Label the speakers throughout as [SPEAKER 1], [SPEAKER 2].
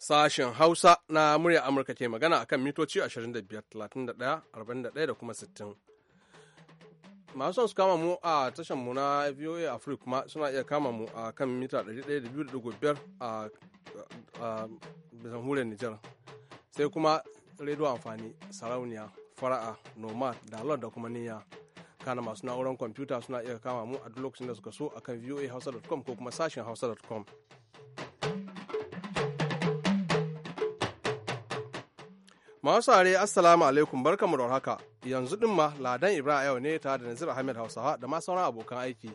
[SPEAKER 1] Sashen Hausa na murya Amurka ke magana a kan mitoci 25, 31, da kuma 60. masu son su kama mu a tashan mu na VOA Africa kuma suna iya kama mu a kan mita 102.5 a jamhuriyar Nijar. Sai kuma rediyo amfani sarauniya fara'a nomad dalar da kuma niyya kana masu na'urar kwamfuta suna iya kama mu a duk lokacin da suka so a kan voahausa.com ko kuma sashen hausa.com Masu are assalamu alaikum barkamu da haka yanzu din ma ladan Ibrahim yau ne tare da Nazir Ahmed Hausawa da ma sauran abokan aiki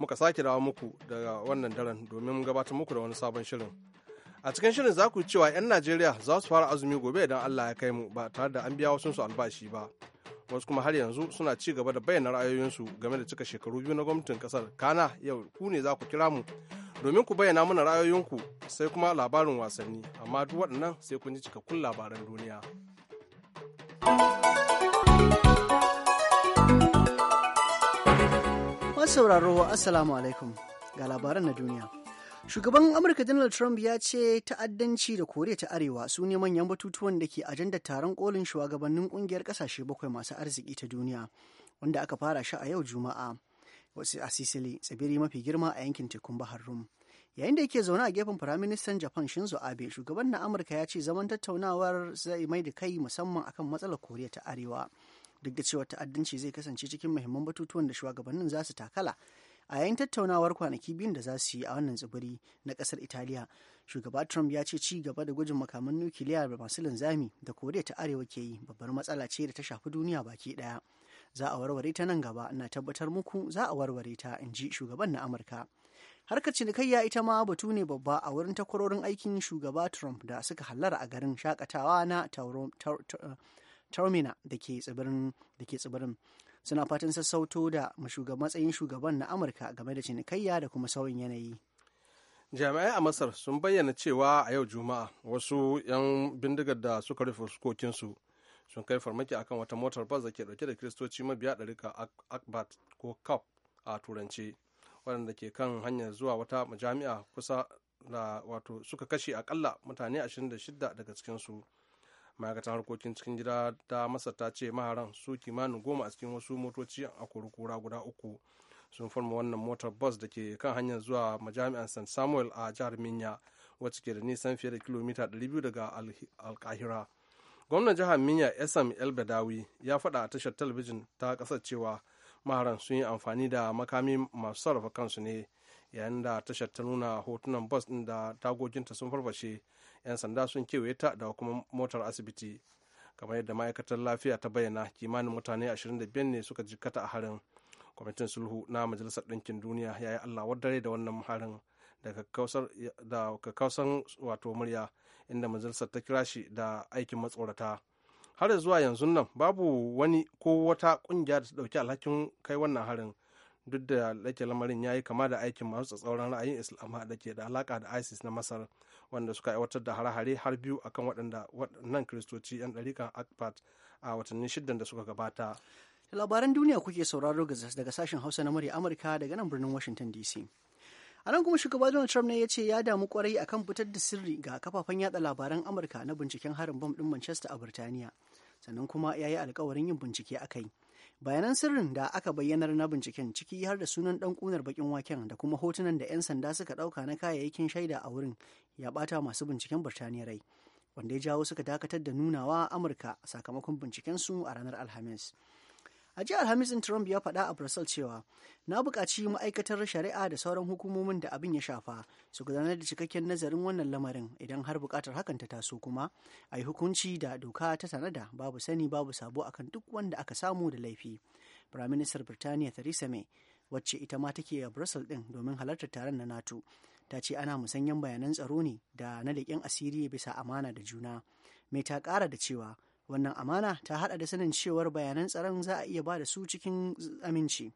[SPEAKER 1] muka sake dawo muku daga wannan daren domin gabatar muku da wani sabon shirin. A cikin shirin za ku cewa 'yan Najeriya za su fara azumi gobe idan Allah ya kai mu ba tare da an biya wasu su albashi ba. Wasu kuma har yanzu suna ci gaba da bayyana ra'ayoyinsu game da cika shekaru biyu na gwamnatin kasar Kana yau ku ne za ku kira mu domin ku bayyana mana ra'ayoyinku sai kuma labarin wasanni amma duk waɗannan sai kun ji cikakkun labaran duniya.
[SPEAKER 2] sauraro assalamu alaikum ga labaran na duniya shugaban amurka donald trump ya ce ta'addanci da koriya ta arewa su ne manyan batutuwan da ke ajandar taron kolin shugabannin kungiyar kasashe bakwai masu arziki ta duniya wanda aka fara shi a yau juma'a a sicily tsibiri mafi girma a yankin tekun bahar rum yayin da yake zaune a gefen firaministan japan shinzo abe shugaban na amurka ya ce zaman tattaunawar zai mai da kai musamman akan matsalar koriya ta arewa duk da cewa ta'addanci zai kasance cikin muhimman batutuwan da shugabannin za su takala a yayin tattaunawar kwanaki biyun da za su yi a wannan tsibiri na kasar italiya shugaba trump ya ce ci gaba da gwajin makaman nukiliya da masu linzami da koriya ta arewa ke yi babbar matsala ce da ta shafi duniya baki ɗaya. za a warware ta nan gaba ina tabbatar muku za a warware ta in ji shugaban na amurka harkar cinikayya ita ma batu ne babba a wurin takwarorin aikin shugaba trump da suka hallara a garin shakatawa na tauromina da ke tsibirin suna fatan sassauto da matsayin shugaban na amurka game da cinikayya da kuma sauyin yanayi
[SPEAKER 1] jami'ai a masar sun bayyana cewa a yau juma'a wasu 'yan bindigar da suka rufe fuskokinsu sun kai farmaki akan wata motar bas da ke dauke da kiristoci mabiya ɗarika akbat ko kap a turance waɗanda ke kan hanyar zuwa wata majami'a kusa da wato suka kashe akalla mutane 26 daga cikinsu ma'aikatan harkokin cikin gida ta masar ta ce maharan su kimanin goma a cikin wasu motoci a kurkura guda uku sun farma wannan motar bas da ke kan hanyar zuwa majami'an st samuel a jihar minya wacce ke da nisan fiye da kilomita 200 daga alkahira gwamnan jihar minya sm elbadawi ya faɗa a tashar talabijin ta ƙasar cewa maharan sun yi amfani da makami masu sarrafa kansu ne yayin da tashar ta nuna hotunan bus ɗin da tagoginta sun farfashe 'yan sanda sun kewaye ta da kuma motar asibiti kamar yadda ma'aikatar lafiya ta bayyana kimanin mutane 25 ne suka jikkata a harin kwamitin sulhu na majalisar ɗinkin duniya ya yi allah dare da wannan harin da kakkausan wato murya inda majalisar ta kira shi da aikin matsorata har zuwa yanzu nan babu wani ko wata kungiya da ta dauki alhakin kai wannan harin duk da lake lamarin ya yi kama da aikin masu tsatsauran ra'ayin islam da ke da alaka da isis na masar wanda suka aiwatar da hare-hare har biyu akan waɗanda waɗannan
[SPEAKER 2] kiristoci 'yan ɗarikan akpat a watanni shidan da suka gabata labaran duniya kuke sauraro daga sashen hausa na murya amurka daga nan birnin washington dc a nan kuma shugaban donald trump ne ya ce ya damu kwarai akan fitar da sirri ga kafafen yada labaran amurka na binciken harin bom din manchester a birtaniya sannan kuma ya yi alkawarin yin bincike a kai bayanan sirrin da aka bayyanar na binciken ciki har da sunan dan kunar bakin waken da kuma hotunan da 'yan sanda suka dauka na kayayyakin shaida a wurin ya bata masu binciken birtaniya rai wanda ya jawo suka dakatar da nunawa amurka sakamakon bincikensu a ranar alhamis a jihar hamisin trump ya faɗa a brussels cewa na buƙaci ma'aikatar shari'a da sauran hukumomin da abin ya shafa su gudanar da cikakken nazarin wannan lamarin idan har buƙatar hakan ta taso kuma a yi hukunci da doka ta tanada babu sani babu sabo akan duk wanda aka samu da laifi firaministar birtaniya theresa may wacce ita ma take a brussels din domin halartar taron na nato ta ce ana musanyen bayanan tsaro ne da na leƙen asiri bisa amana da juna mai ta ƙara da cewa wannan amana ta hada da sanin cewar bayanan tsaron za a iya ba da su cikin aminci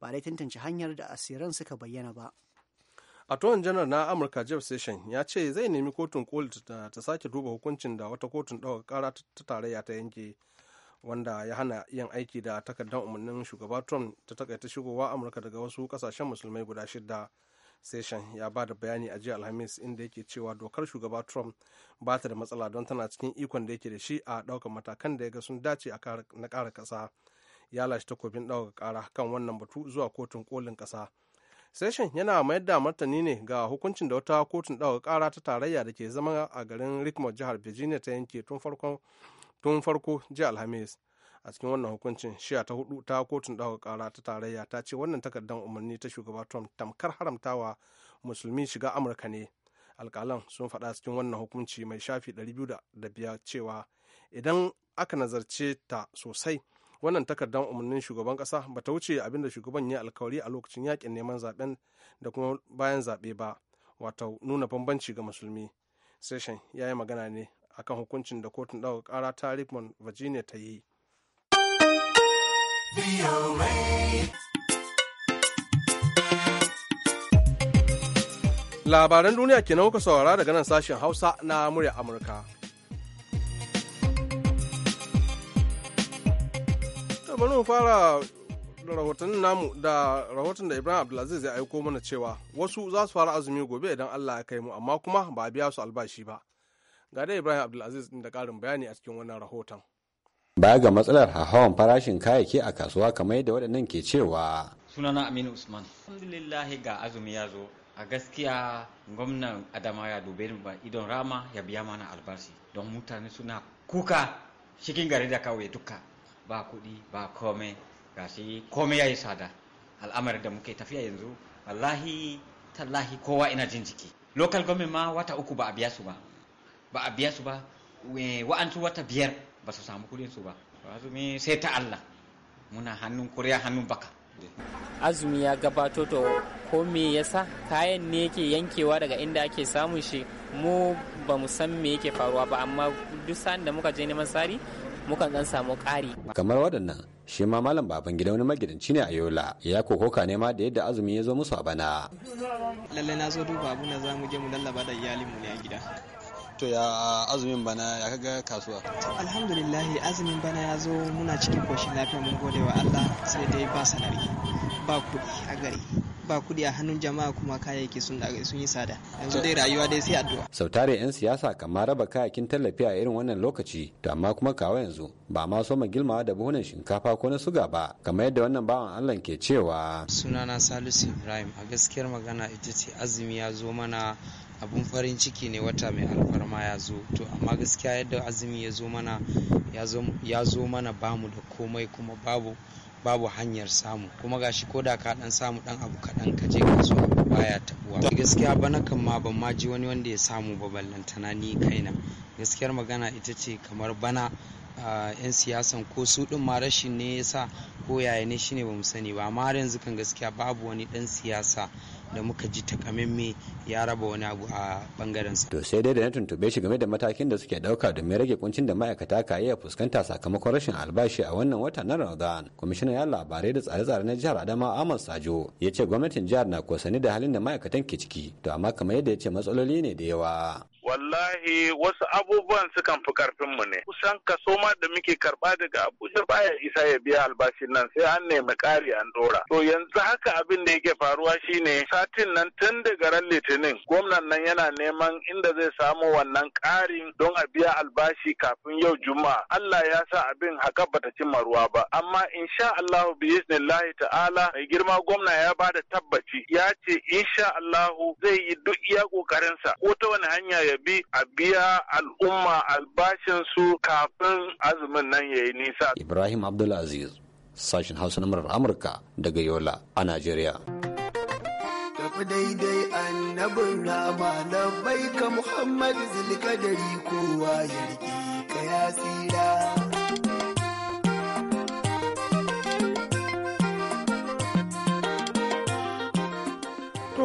[SPEAKER 2] ba dai tantance hanyar da asiran suka bayyana ba
[SPEAKER 1] attorney janar na amurka jeff session ya ce zai nemi kotun koli ta sake duba hukuncin da wata kotun ɗaukar kara ta tarayya ta yanke wanda ya hana yin aiki da takardar umarnin shugaba trump ta takaita shigowa amurka daga wasu kasashen musulmai guda shida session ya ba da bayani a jiya alhamis inda yake cewa dokar shugaba trump ba ta da matsala don tana cikin ikon da yake da shi a ɗaukar matakan da ya ga sun dace na ƙara ƙasa ya lashe takobin ɗaukar ƙara kan wannan batu zuwa kotun kolin ƙasa session yana mayar da martani ne ga hukuncin da wata kotun ɗaukar ƙara ta tarayya da ke zama a garin Rickmore jihar virginia ta yanke tun farko jiya alhamis a cikin wannan hukuncin shiya ta hudu ta kotun ɗaukar kara ta tarayya ta ce wannan takardar umarni ta shugaba trump tamkar haramtawa musulmi shiga amurka ne alƙalan sun faɗa cikin wannan hukunci mai shafi 205 cewa idan aka nazarce ta sosai wannan takardar umarnin shugaban ƙasa ba ta wuce abin da shugaban ya alkawari a lokacin yakin neman zaben da kuma bayan zaɓe ba wato nuna bambanci ga musulmi session ya yi magana ne akan hukuncin da kotun ɗaukar kara ta richmond virginia ta yi Labaran duniya kenan kuka saurara daga nan sashen Hausa na murya Amurka. bari mu fara da rahoton namu da rahoton da Ibrahim Abdulaziz ya aiko mana cewa wasu za su fara azumi gobe idan Allah ya kai mu amma kuma ba a biya su albashi ba. Ga dai Ibrahim Abdulaziz da ƙarin
[SPEAKER 3] bayani a cikin wannan rahoton.
[SPEAKER 4] baya ga matsalar hawan farashin kayayyaki a kasuwa kamar yadda waɗannan ke cewa
[SPEAKER 3] sunana aminu usman alhamdulillah ga azumi ya zo a gaskiya gwamnan adama ya dube ni ba idon rama ya biya mana albashi don mutane suna kuka cikin gari da kawai duka ba kuɗi ba kome ga shi kome ya yi sada al'amarin da muke tafiya yanzu wallahi tallahi kowa ina jin jiki local government ma wata uku ba a biya su ba ba a biya su ba eh, wa'ansu wata biyar ba su samu kuɗin su ba azumi sai ta Allah muna hannun kuriya
[SPEAKER 4] hannun baka azumi ya gabato to ko me yasa kayan ne yake yankewa daga inda ake samun shi mu ba mu san me yake faruwa ba amma duk sa'an da muka je neman sari mukan dan samu ƙari kamar waɗannan shi ma malam baban gida wani magidanci ne a yola ya kokoka ne ma da yadda azumi ya zo musu a bana
[SPEAKER 5] lalle na zo duba abu na zamu je mu lallaba da iyalinmu mu ne a gida to ya azumin bana ya kaga kasuwa alhamdulillah azumin bana ya zo muna cikin koshin lafiya mun gode wa Allah sai dai ba sanari ba kuɗi a gari ba kuɗi a hannun jama'a kuma kayayyaki sun sun
[SPEAKER 2] yi tsada yanzu dai rayuwa dai sai addu'a
[SPEAKER 4] sautare yan siyasa kamar raba kayakin tallafi a irin wannan lokaci to amma kuma kawo yanzu ba ma so ma gilmawa da buhunan shinkafa ko na suga ba kamar yadda wannan bawan Allah ke cewa
[SPEAKER 3] sunana Salisu Ibrahim a gaskiyar magana ita ce azumi ya zo mana abun farin ciki ne wata mai alfarma ya zo to amma gaskiya yadda azumi ya zo mana ya zo mana bamu da komai kuma babu babu hanyar samu kuma gashi ko da ka dan samu dan abu kaɗan ka je kasuwa baya tabuwa gaskiya bana kan ma ban ma ji wani wanda ya samu ba ballantana ni kaina gaskiyar magana ita ce kamar bana yan siyasan ko su din ma rashin ne yasa ko yaya ne shine bamu sani ba amma har yanzu kan gaskiya babu wani dan siyasa da muka ji takamaimai
[SPEAKER 4] ya raba wani abu a bangaren sa. To sai dai da na tuntube shi game da matakin da suke dauka domin rage kuncin da ma'aikata ka iya fuskanta sakamakon rashin albashi a wannan wata na Ramadan. Kwamishinan ya labarai da tsare-tsare na jihar Adama Ahmad Sajo ya ce gwamnatin jihar na kosani da halin da ma'aikatan ke ciki to amma kamar yadda ya ce matsaloli ne da yawa.
[SPEAKER 6] wallahi wasu abubuwan sukan fi mu ne kusan kaso ma da muke karba daga abuja baya isa ya biya albashin nan sai an nemi ƙari an dora to yanzu haka abin da yake faruwa shine satin nan tun daga ran litinin gwamnan nan yana neman inda zai samu wannan ƙarin don a biya albashi kafin yau juma'a allah ya sa abin haka bata cimma ruwa ba amma insha allahu ta'ala mai girma gwamna ya bada tabbaci ya ce insha allahu zai yi duk iya ƙoƙarinsa ko ta wani hanya ya bi a biya al'umma albashin su kafin azumin nan ya
[SPEAKER 4] nisa. Ibrahim Abdulaziz, sashen Hausa na murar Amurka daga Yola a Najeriya.
[SPEAKER 6] Tafi daidai annabin rama na baika Muhammad zulkadari kowa ya rike ka ya tsira.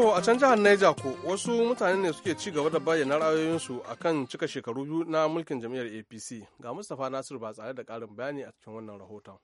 [SPEAKER 1] To a can jihar Naija ko wasu mutane ne suke ci gaba da bayyana ra'ayoyinsu a kan cika shekaru biyu na mulkin jam'iyyar APC ga Mustapha Nasiru ba tsare da ƙarin bayani a cikin wannan rahoton.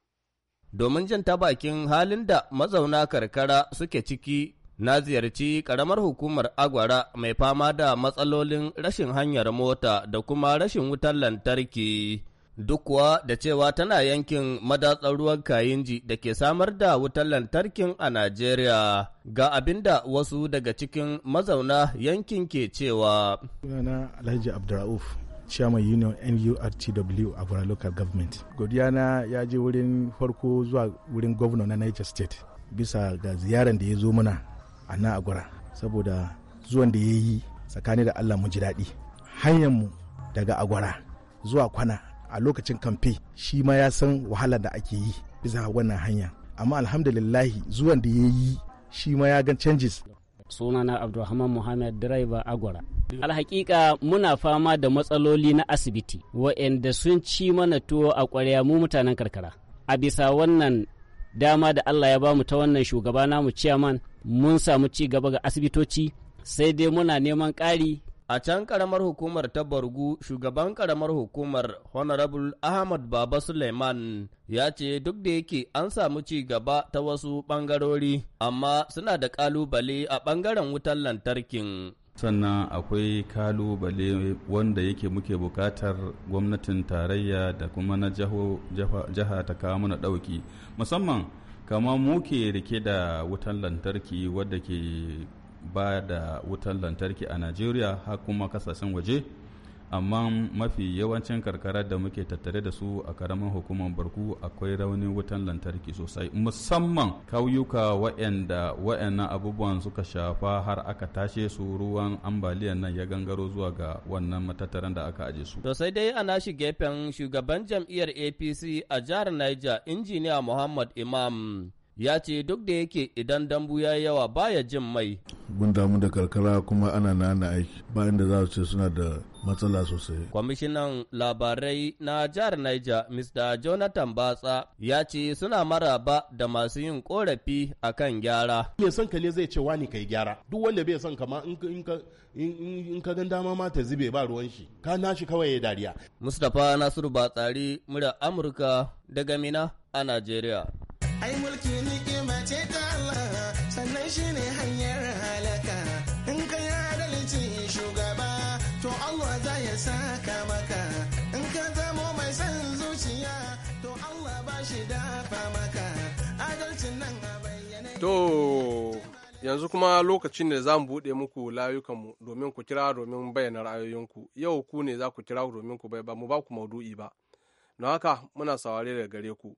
[SPEAKER 5] Domin jin ta bakin halin da mazauna karkara suke ciki na ziyarci karamar hukumar agwara mai fama da matsalolin rashin hanyar mota da kuma rashin wutar lantarki. duk kuwa da cewa tana yankin madatsar ruwan Kayinji da ke samar da wutar lantarkin a Najeriya. Ga abinda wasu daga cikin mazauna yankin ke cewa.
[SPEAKER 3] Sunana Alhaji Abdurrauf, Chairman Union NURTW a Bora Local Government. Godiyana ya je wurin farko zuwa wurin gwamna na Niger State bisa ga ziyarar da ya zo mana a nan saboda zuwan da ya yi tsakani da Allah mu ji daɗi. mu daga agwara zuwa Kwana a lokacin kamfe shi ma ya san wahalar da ake yi bisa wannan hanya amma alhamdulillahi zuwan da ya yi shi ma ya gan changes sunana abdulrahman muhammad direba agora
[SPEAKER 5] alhaƙiƙa muna fama da matsaloli na asibiti wa'anda sun ci mana tuwo a ƙwarya mu mutanen karkara a bisa wannan dama da allah ya bamu ta wannan shugaba namu ciyaman mun samu ci gaba ga asibitoci sai dai muna neman ƙari A can karamar hukumar ta Bargu, shugaban karamar hukumar Honorable Ahmad Baba Suleiman ya ce duk da yake an samu ci gaba ta wasu ɓangarori, amma suna da kalubale a ɓangaren wutar lantarkin. sannan akwai kalubale wanda yake muke bukatar gwamnatin tarayya da kuma na jiha ta kawo mana ɗauki musamman kama muke rike da wutan lantarki wadda ke ba da wutar lantarki a najeriya har kuma kasashen waje amma mafi yawancin karkara da muke tattare da su a karamin hukumar barku akwai raunin wutan lantarki sosai musamman kauyuka waɗanda waɗannan abubuwan suka shafa har aka tashe su ruwan ambaliyan nan ya gangaro zuwa ga wannan matattaran da aka aje su. sosai dai a nashi gefen shugaban jam'iyyar apc a jihar niger injiniya muhammad imam ya ce duk da yake idan dambu ya yi yawa baya jin mai.
[SPEAKER 7] Mun damu da karkara kuma ana nana aiki bayan da za su ce suna da matsala sosai.
[SPEAKER 5] Kwamishinan labarai na jihar Niger, Mr. Jonathan Batsa, ya ce suna maraba da masu yin korafi a kan gyara. Mai son ka ne zai ce wani kai gyara. Duk wanda bai son kama in ka gan dama ma ta zube ba ruwan shi. Ka nashi kawai ya dariya. Mustapha Nasiru Batsari, murya Amurka daga Mina a Najeriya. ai
[SPEAKER 3] mulki ni'ima ce ta Allah sannan shine hanyar halaka in ka yi adalci shugaba to Allah za ya saka maka in ka zamo mai san zuciya to Allah ba shi dafa maka adalcin nan a
[SPEAKER 1] bayyane to yanzu kuma lokacin da zamu mu buɗe muku layukanmu domin ku kira domin bayyana ra'ayoyinku yau ku ne za ku kira domin ku bai ba mu ba ku maudu'i ba don haka muna saware daga gare ku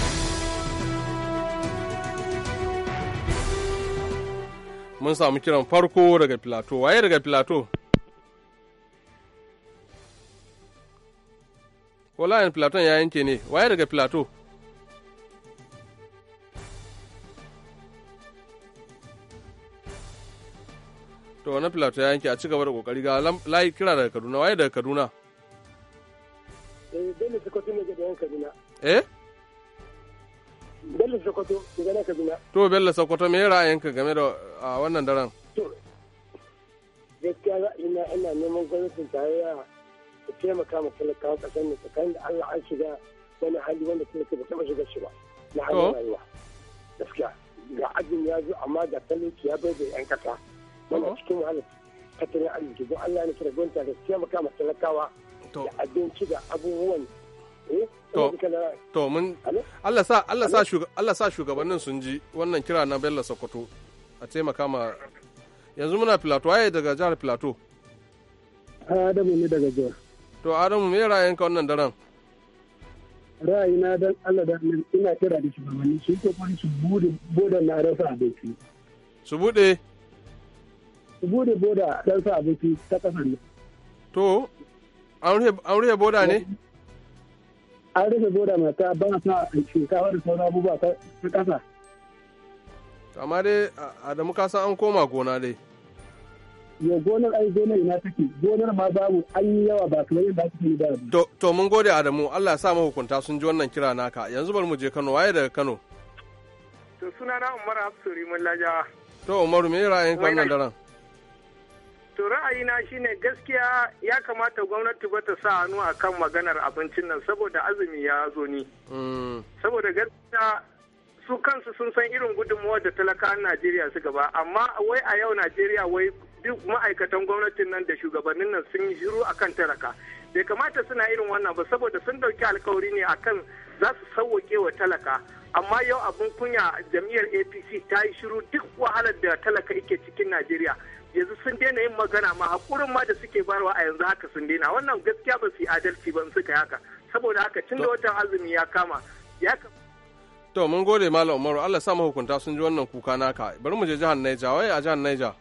[SPEAKER 5] mun samu
[SPEAKER 1] kiran farko daga filato waye daga filato kolayen layin filaton ya yanke ne waye daga filato to wani filato ya yanke a gaba da kokari ga layi kira daga kaduna waye daga kaduna
[SPEAKER 6] eh, ne kaduna eh Bello Sokoto daga nan Kaduna.
[SPEAKER 1] To Bello Sokoto me ra'ayinka game da a wannan daren?
[SPEAKER 6] To gaskiya za ina ina neman gwamnatin tarayya ta taimaka ma talakawa kasar ne tsakanin da Allah an shiga wani hali wanda kuma ba taɓa shiga shi ba na hanyar rayuwa. Gaskiya ga ajin ya zo amma da talauci ya bai da 'yan kasa. Wanda cikin wahalar tattalin arziki don Allah ne kira gwamnati da taimaka ma talakawa da abinci da abubuwan Eh, to,
[SPEAKER 1] to mun Allah sa Allah sa Allah sa shugabannin sun ji wannan kira na Bello Sokoto a taimaka ma yanzu muna Filato waye daga jihar Filato
[SPEAKER 6] Adamu ne daga jihar
[SPEAKER 1] To Adamu me ka wannan daren
[SPEAKER 6] na dan Allah da ina kira da shugabanni sun ko su bude boda na rasa abinci Su bude Su bude boda dan sa abinci ta kasar To an rufe boda ne? an rufe boda ta ban sa shinkafa da sauran abubuwa ta kasa
[SPEAKER 1] amma dai adamu ka san an koma gona dai
[SPEAKER 6] ya gonar ai gonar ina take gonar ma babu an yi yawa ba kamar yadda ake yi ba.
[SPEAKER 1] to mun gode adamu allah ya sa mahukunta sun ji wannan kira naka yanzu bari mu je kano waye daga kano
[SPEAKER 6] to na umar hafsuri mun lajawa
[SPEAKER 1] to umaru me ra'ayin kan nan daren
[SPEAKER 6] ra'ayina shine gaskiya ya kamata gwamnati ba ta sa hannu kan maganar abincin nan saboda azumi ya zo ni. Mm. Saboda gaskiya su kansu sun san irin gudunmuwar da talakawan Najeriya su gaba amma wai a yau Najeriya wai duk ma'aikatan gwamnatin nan da shugabannin nan sun yi shiru akan talaka. Bai kamata suna irin wannan ba saboda sun ɗauki alkawari ne akan za su sauwake wa talaka amma yau abin kunya jam'iyyar apc ta yi shiru duk wahalar da talaka yake cikin najeriya yanzu sun daina yin magana ma hakurin ma da suke barwa a yanzu haka sun daina wannan gaskiya ba su adalci ba su ka haka saboda haka tun da watan azumi ya kama ya kama
[SPEAKER 1] to mun gode malam umaru allah sa mahukunta sun ji wannan kuka naka bari mu je jihar naija wai a jihar naija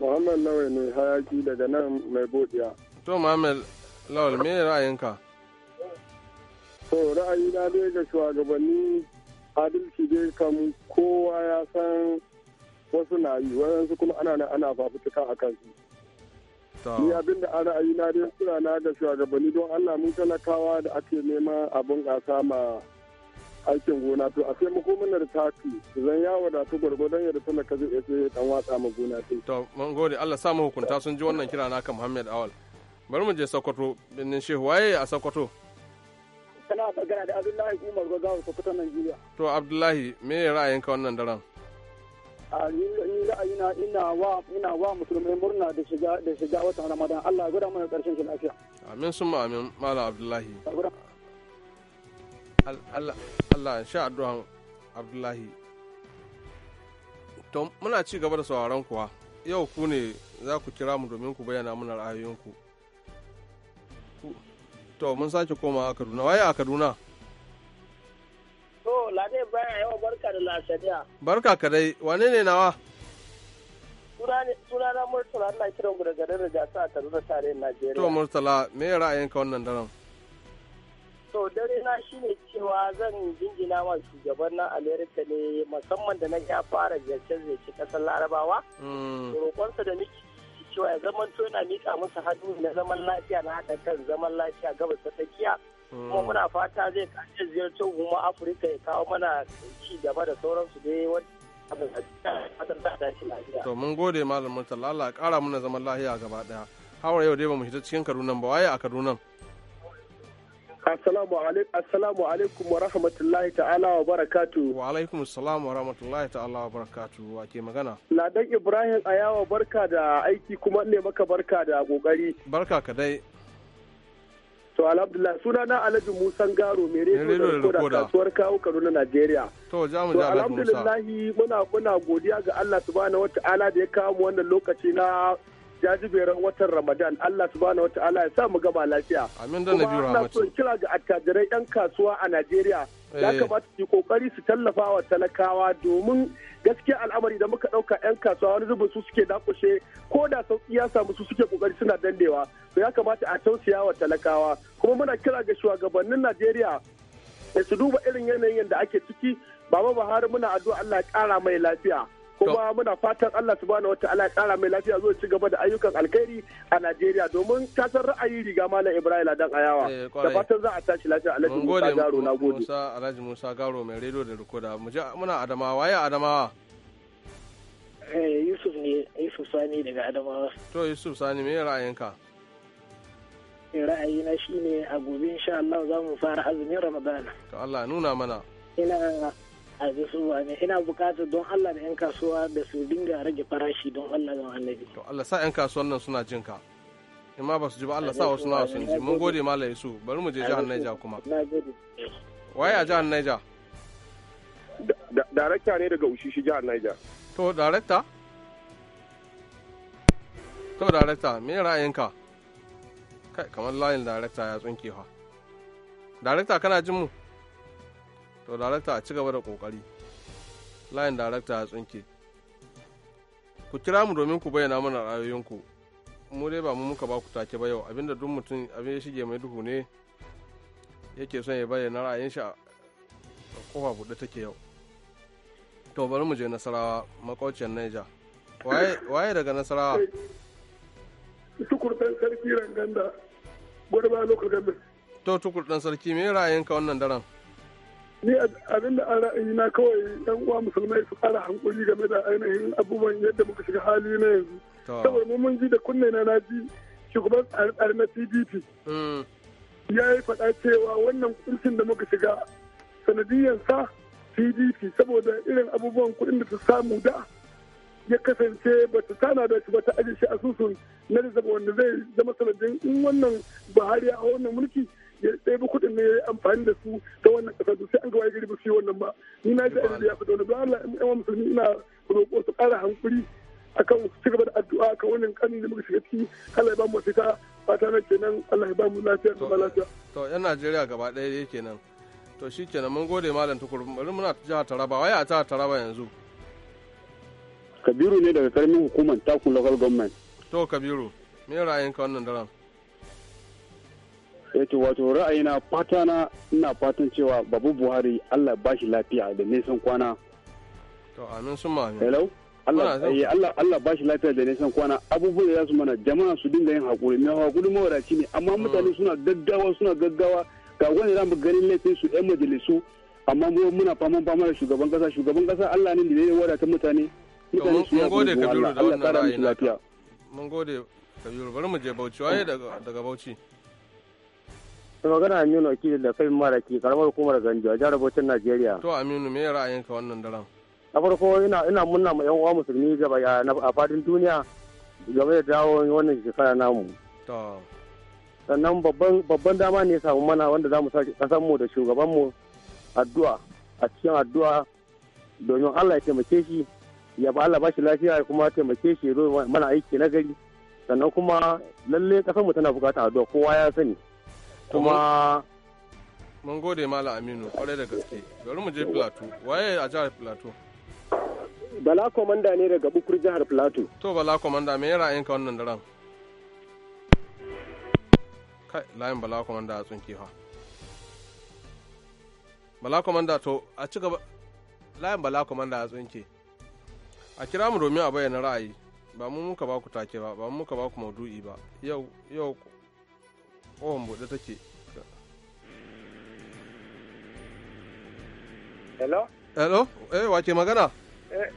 [SPEAKER 6] muhammad lawal ne hayaki daga nan mai bodiya
[SPEAKER 1] to muhammad lawal me ra'ayinka
[SPEAKER 6] to ra'ayi na dai ga shugabanni adalci dai kam kowa ya san wasu na yi wayansu kuma ana nan ana fafutuka a kansu ni abin da an ra'ayi na dai suna na da shugabanni don Allah mun talakawa da ake nema abin gasa ma aikin gona to a sai muku mana da taki zan ya wadatu gwargwadon yadda tana zai ya sai dan watsa ma gona sai to
[SPEAKER 1] mun gode Allah sa mu hukunta sun ji wannan kira naka Muhammad Awal bari mu je Sokoto binin Shehu waye a Sokoto
[SPEAKER 6] kana magana da Abdullahi Umar Gwazawa Sokoto Najeriya
[SPEAKER 1] to Abdullahi me ra'ayinka wannan daren
[SPEAKER 6] a ina wa ina musulmai murna da shiga watan ramadan Allah ya gwada mana karshen shi lafiya
[SPEAKER 1] amin summa amin malam abdullahi Allah sha addu'an abdullahi to muna ci gaba da sauraron kuwa yau ku ne za ku kira mu domin ku bayyana mana ra'ayoyinku to mun sake komawa a Kaduna waye a Kaduna
[SPEAKER 6] baya yawa barka
[SPEAKER 1] da ka dai, wane ne nawa?
[SPEAKER 6] Sunana Murtala ana kiran ku da garin Rigasa a Kaduna tarayyar Najeriya. To
[SPEAKER 1] Murtala, me ra'ayinka wannan daren?
[SPEAKER 6] To dare na shine cewa zan jinjina wa shugaban na Amerika ne musamman da na ya fara ziyarce-ziyarce kasar Larabawa. Mm. Roƙonsa da nake cewa ya zamanto yana miƙa musu hannu na zaman lafiya na haɗa kan zaman lafiya gabas ta tsakiya. kuma mm. muna fata zai kashe ziyarci kuma afirka ya kawo mana ci gaba da sauransu dai wani to
[SPEAKER 1] mun gode malam murtala Allah ya kara mana zaman lahiya gaba daya hawar yau dai ba mu shiga cikin kaduna ba
[SPEAKER 6] waye a kaduna assalamu alaikum wa rahmatullahi ta'ala wa barakatu wa
[SPEAKER 1] alaikum assalam wa rahmatullahi ta'ala wa barakatu wa ke magana
[SPEAKER 6] ladan ibrahim ayawa barka da aiki kuma ne maka barka da kokari barka ka dai To alhamdulillah suna na Alhaji Musa Garo mai rediyo da rikoda kasuwar kawo Kano na Najeriya.
[SPEAKER 1] To za mu alhamdulillah
[SPEAKER 6] muna muna godiya ga Allah subhanahu ta'ala da ya kawo mu wannan lokaci na jajiberar watan Ramadan. Allah subhanahu ta'ala ya sa mu gaba lafiya. Amin da Nabi Rahmat. Kuma ina so kira ga attajirai yan kasuwa a Najeriya. ya eh. kamata su kokari su tallafa wa talakawa domin gaskiya al'amari da muka dauka yan kasuwa wani zubin su suke dakushe ko da sauki ya samu su suke kokari suna dandewa to ya kamata a tausaya wa talakawa kuma muna kira ga shugabannin Najeriya da su duba irin yanayin da ake ciki baba Buhari muna addu'a Allah ya kara mai lafiya kuma muna fatan Allah subhanahu wataala ya kara mai lafiya zo ci gaba da ayyukan alkhairi a Najeriya domin ta san ra'ayi riga malam Ibrahim Ladan Ayawa eh, da fatan za a tashi lafiya Alhaji Musa Garo na gode
[SPEAKER 1] Musa Alhaji Musa Garo mai rediyo da rikoda muna Adamawa waye Adamawa
[SPEAKER 6] eh Yusuf ne Yusuf Sani daga Adamawa
[SPEAKER 1] to Yusuf Sani me ra'ayinka
[SPEAKER 6] eh, ra'ayina shine a gobe insha Allah za mu fara azumin Ramadan
[SPEAKER 1] to Allah nuna mana
[SPEAKER 6] ina a bisu ne ina bukatar don Allah da 'yan kasuwa da su dinga rage farashi don Allah da annabi. To
[SPEAKER 1] Allah sa 'yan kasuwan nan suna jin ka. In ma ba su ji ba Allah sa wasu nawa sun ji. Mun gode Malam Yusuf bari mu je jihar Niger kuma. Waye a jihar Niger?
[SPEAKER 6] Darakta ne daga Ushishi jihar Niger.
[SPEAKER 1] To darakta? To director me ra'ayinka? Kai kamar layin darakta ya tsunke fa. Darakta kana jin mu? to darakta a ci gaba da ƙoƙari layin darakta a tsinke ku kira mu domin ku bayyana mana ra'ayoyinku mu dai ba mu muka ba ku take ba yau abinda duk mutum abin ya shige mai duhu ne yake son ya bayyana ra'ayin shi a kofa buɗe take yau to bari mu je nasarawa makwacin naija waye daga nasarawa
[SPEAKER 6] tukur sarki ranganda ba lokacin
[SPEAKER 1] to tukur sarki me ra'ayinka wannan daren
[SPEAKER 6] ni abin da an ra'ayi na kawai yan uwa musulmai su kara hankuli game da ainihin abubuwan yadda muka shiga hali na yanzu saboda mu mun ji da kunne na na ji shugaban tsare tsare na pdp mm. ya yi faɗa cewa wannan kuncin da muka shiga sanadiyan sa pdp saboda irin abubuwan kuɗin da ta samu da ya kasance ba ta tana da shi ba ta ajiye shi asusun na zaba wanda zai zama sanadin in wannan buhari a wannan mulki ya ɗebi kuɗin ne ya yi amfani da su ta wannan ƙasa sai an ga waye gari ba su yi wannan ba ni na ji a ya fi da don Allah in yawan musulmi ina roƙo su ƙara hankuri akan su cigaba da addu'a kan wannan ƙanin da muka shiga ciki Allah ya ba mu fita fata na kenan Allah ya ba mu lafiya da lafiya.
[SPEAKER 1] To yan Najeriya gaba ɗaya yake kenan. To shi kenan mun gode malam tukuru bari muna jihar Taraba waye a jihar Taraba yanzu.
[SPEAKER 6] Kabiru ne daga karamin hukumar takun local government.
[SPEAKER 1] To Kabiru me ra'ayinka wannan daren?
[SPEAKER 6] yato eh, wato ra'ayina fata na ina fatan cewa babu buhari allah ba shi lafiya da nisan kwana
[SPEAKER 1] to amin sun ma hello Allah eh,
[SPEAKER 6] Allah ba shi lafiya da nisan kwana abubuwan da za su mana jama'a su dinga yin hakuri mai hakuri mawadaci ne amma mm. mutane suna gaggawa suna gaggawa ga wani mu ganin laifin su yan majalisu amma mu muna faman fama da shugaban kasa shugaban kasa Allah ne da ya wadata mutane mutane su yi hakuri Allah Allah kara ra'ayi lafiya
[SPEAKER 1] mun gode Kabiru bari mu je Bauchi waye daga Bauchi
[SPEAKER 6] Su magana Aminu kiri da kai mara ke karamar hukumar Ganjo a jihar Bauchin Najeriya. To
[SPEAKER 1] Aminu me ra'ayinka wannan daren?
[SPEAKER 6] Na farko ina ina munna ma 'yan uwa musulmi gaba a fadin duniya game da dawo wannan shekara namu. To. Sannan babban dama ne samu mana wanda za mu sake mu da mu addu'a a cikin addu'a domin Allah ya taimake shi ya ba Allah ba shi lafiya kuma taimake shi ya mana aiki na gari sannan kuma lalle kasar mu tana bukatar addu'a kowa ya sani kuma
[SPEAKER 1] mun gode malam aminu kwarai da gaske bari mu je plateau waye a jihar plateau
[SPEAKER 6] bala komanda ne daga bukur jihar plateau
[SPEAKER 1] to bala komanda me yara yanka wannan daren kai layin bala komanda a tsunki ha bala komanda to a ci gaba layin bala komanda a tsunki a kira mu domin a bayyana ra'ayi ba mu muka ba ku take ba ba mu muka ba ku maudu'i ba yau yau kowan buɗe take hello hello eh wace magana
[SPEAKER 6] eh,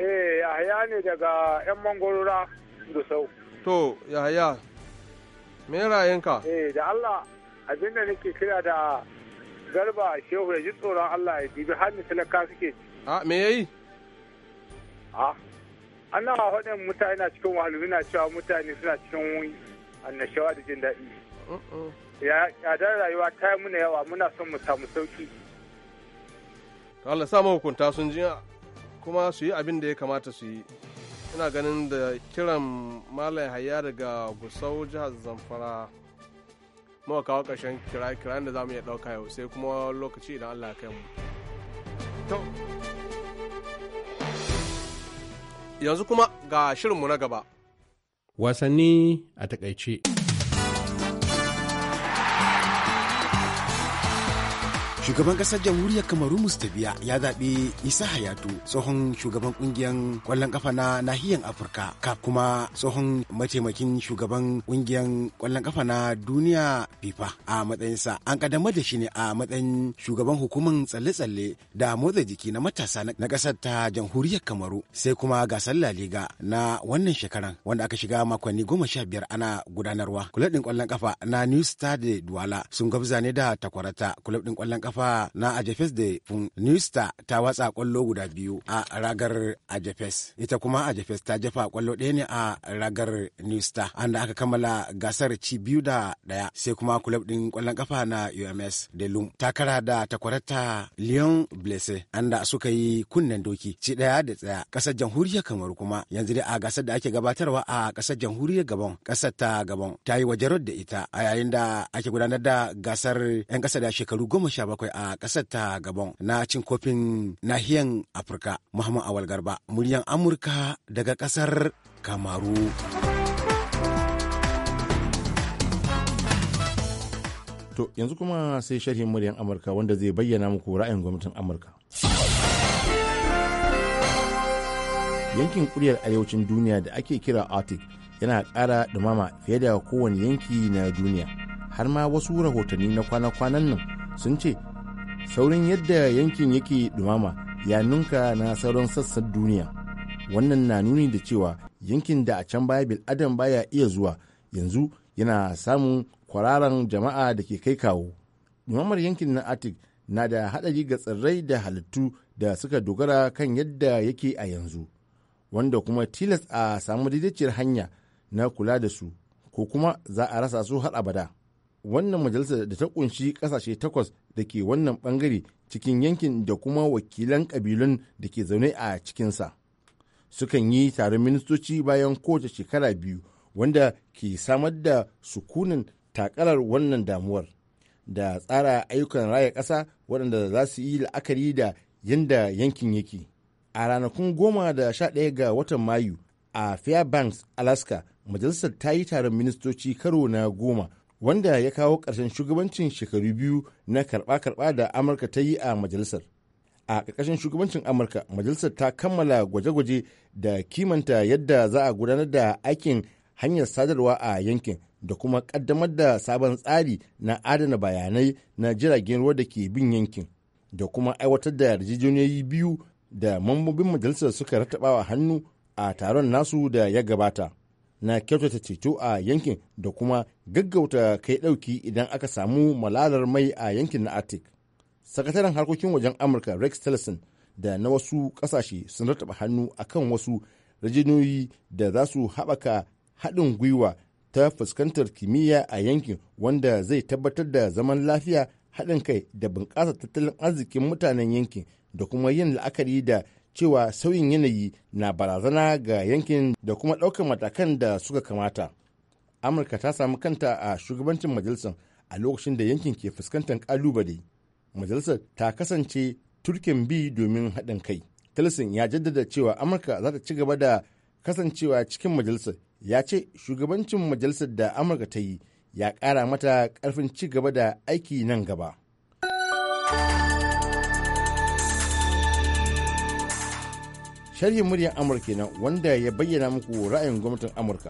[SPEAKER 6] eh yahaya ne daga yan mangorora sau
[SPEAKER 1] to yahaya me ra'ayinka
[SPEAKER 6] eh da allah abinda nake kira da garba shehu ya ji tsoron allah ya har ni talaka suke
[SPEAKER 1] a me yayi
[SPEAKER 6] a ah, ana faɗin mutane na cikin wahalu na cewa mutane suna cikin annashawa da jin daɗi ya tsadar rayuwa ta yi muna yawa muna son mu samu sauki
[SPEAKER 1] Allah sa mahukunta sun ji kuma su yi abin da ya kamata su yi ina ganin da kiran malam haya daga gusau jihar zamfara muka kawo ƙarshen kira-kiran da za mu iya ɗauka yau sai kuma lokaci idan Allah kai mu yanzu kuma ga shirinmu na gaba
[SPEAKER 3] Wasanni a takaice. Shugaban ƙasar jamhuriyar Kamaru Mustabiya ya zaɓi Isa Hayatu tsohon shugaban ƙungiyar ƙwallon kafa na nahiyar Afirka ka kuma tsohon mataimakin shugaban ƙungiyar ƙwallon kafa na duniya FIFA a matsayinsa an kaddamar da shi ne a matsayin shugaban hukumar tsalle-tsalle da motsa jiki na matasa na ƙasar ta jamhuriyar Kamaru sai kuma gasar La Liga na wannan shekaran wanda aka shiga makonni goma sha biyar ana gudanarwa. Kulab ɗin ƙwallon ƙafa na New Star de duwala sun gabza ne da takwarata kulab ɗin ƙwallon kafa. kafa na ajefes da fun ta watsa kwallo guda biyu a ragar ajefes ita kuma ajefes ta jefa kwallo ɗaya ne a ragar nista anda aka kammala gasar ci biyu da ɗaya sai kuma kulab ɗin kwallon kafa na ums da lum ta kara da takwarata leon blese anda suka yi kunnen doki ci ɗaya da tsaya ƙasar jamhuriyar kamaru kuma yanzu dai a gasar da ake gabatarwa a ƙasar jamhuriyar gabon ƙasar ta gabon ta yi wajarar da ita a yayin da ake gudanar da gasar 'yan ƙasa da shekaru goma sha bakwai a ƙasar ta Gabon na cin kofin nahiyan Afirka. Muhammad Awal Garba, muryan Amurka daga ƙasar Kamaru.
[SPEAKER 7] To yanzu kuma sai sharhin muryan Amurka wanda zai bayyana muku ra'ayin gwamnatin Amurka. Yankin kuryar arewacin duniya da ake kira Arctic yana ƙara ɗumama fiye da kowane yanki na duniya. Har ma wasu rahotanni na kwana-kwanan nan sun ce saurin yadda yankin yake dumama ya ninka na sauran sassan duniya wannan na nuni da cewa yankin da a can baya bil'adam baya iya zuwa yanzu yana samun kwararan jama'a da ke kai kawo dumamar yankin na arctic na da hadari ga tsirrai da halittu da suka dogara kan yadda yake a yanzu wanda kuma tilas a samu daidaiciyar hanya na kula da su ko kuma za a rasa su har abada wannan majalisar da ta kunshi kasashe takwas da ke wannan bangare cikin yankin da kuma wakilan kabilun da ke zaune a cikinsa sukan yi taron ministoci bayan kowace shekara biyu wanda ke samar da sukunin takarar wannan damuwar da tsara ayyukan raya ƙasa waɗanda za su yi la'akari da yadda yankin yake a ranakun goma da sha ɗaya ga watan mayu a fairbanks alaska majalisar ta yi taron ministoci karo na goma wanda ya kawo ƙarshen shugabancin shekaru biyu na karɓa-karɓa da amurka ta yi a majalisar a ƙarƙashin shugabancin amurka majalisar ta kammala gwaje-gwaje da kimanta yadda za a gudanar da aikin hanyar sadarwa a yankin da kuma ƙaddamar da sabon tsari na adana bayanai na jiragen ruwa da ke bin yankin da kuma aiwatar da yarjejeniyoyi biyu da mambobin majalisar suka wa hannu a taron nasu da ya gabata na kyautata ceto a yankin da kuma gaggauta kai ɗauki idan aka samu malalar mai a yankin na arctic sakataren harkokin wajen amurka rex tillerson da na wasu kasashe sun rataba hannu akan wasu rajinoyi da za su haɓaka haɗin gwiwa ta fuskantar kimiyya a yankin wanda zai tabbatar da zaman lafiya haɗin kai da bunƙasa tattalin arzikin mutanen yankin da kuma yin la'akari da cewa sauyin yanayi na barazana ga yankin da kuma ɗaukar matakan da suka kamata amurka ta samu kanta a shugabancin majalisar a lokacin da yankin ke fuskantar kalubale majalisar ta kasance turken bi domin haɗin kai tilson ya jaddada cewa amurka za ta ci gaba da kasancewa cikin majalisar ya ce shugabancin majalisar da amurka ta yi ya ƙara mata ƙarfin ci gaba da aiki nan gaba sharhin muryar amurka na wanda ya bayyana muku ra'ayin gwamnatin amurka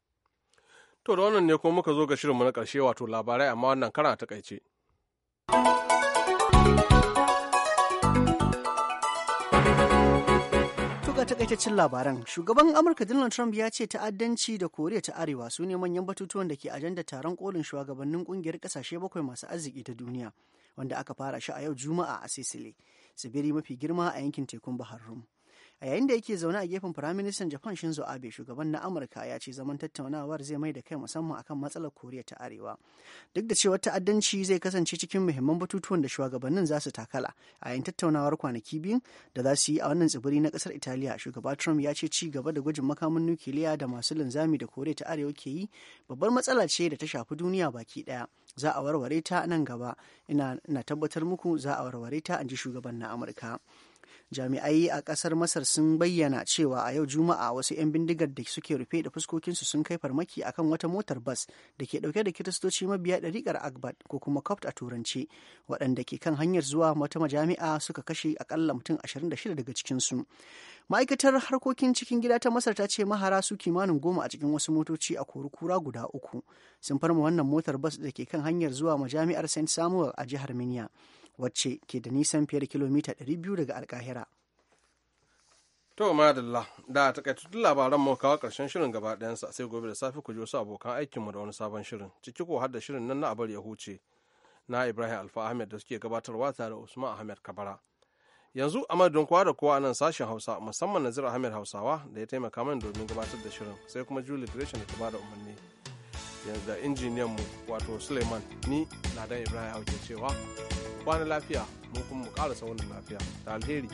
[SPEAKER 1] to da wannan ne kuma muka zo ga shirinmu na karshe wato labarai amma wannan kara ta kaice
[SPEAKER 2] takaitaccen labaran shugaban amurka donald trump ya ce ta'addanci da koriya ta arewa su ne manyan batutuwan da ke ajandar taron kolin shugabannin kungiyar kasashe bakwai masu arziki ta duniya wanda aka fara shi a yau juma'a a sicily tsibiri mafi girma a yankin tekun bahar rum a yayin da yake zaune a gefen firaministan japan shinzo abe shugaban na amurka ya ce zaman tattaunawar zai mai da kai musamman akan matsalar koriya ta arewa duk da cewa ta'addanci zai kasance cikin muhimman batutuwan da shugabannin za su takala a yayin tattaunawar kwanaki biyun da za su yi a wannan tsibiri na kasar italiya shugaba trump ya ce ci gaba da gwajin makamin nukiliya da masu linzami da koriya ta arewa ke yi babbar matsala ce da ta shafi duniya baki daya za a warware ta nan gaba ina na tabbatar muku za a warware ta an ji shugaban na amurka jami'ai a kasar masar sun bayyana cewa a yau juma'a wasu 'yan bindigar da suke rufe da fuskokinsu sun kai farmaki akan wata motar bas da ke dauke da kiristoci mabiya ɗariƙar akbar ko kuma copt a Turance, waɗanda ke kan hanyar zuwa wata majami'a suka kashe akalla mutum 26 daga cikinsu ma'aikatar harkokin cikin gida ta masar ta ce mahara su kimanin goma a cikin wasu motoci a kurukura guda uku sun farma wannan motar bas da ke kan hanyar zuwa majami'ar st samuel a jihar minya wacce ke da nisan fiye da kilomita 200 daga alkahira
[SPEAKER 1] to madalla da takaitattun labaran mu kawo karshen shirin gaba sa sai gobe da safi ku ji wasu abokan mu da wani sabon shirin ciki ko har da shirin nan na abar ya huce na ibrahim alfa ahmed da suke gabatarwa tare da usman ahmed kabara yanzu a madadin kowa da kowa nan sashen hausa musamman nazir ahmed hausawa da ya taimaka mana domin gabatar da shirin sai kuma julie gresham da ta bada umarni yanzu da injiniyan mu wato suleiman ni ladan ibrahim hauke cewa kwana lafiya mun kuma mu ƙara saunin lafiya da alheri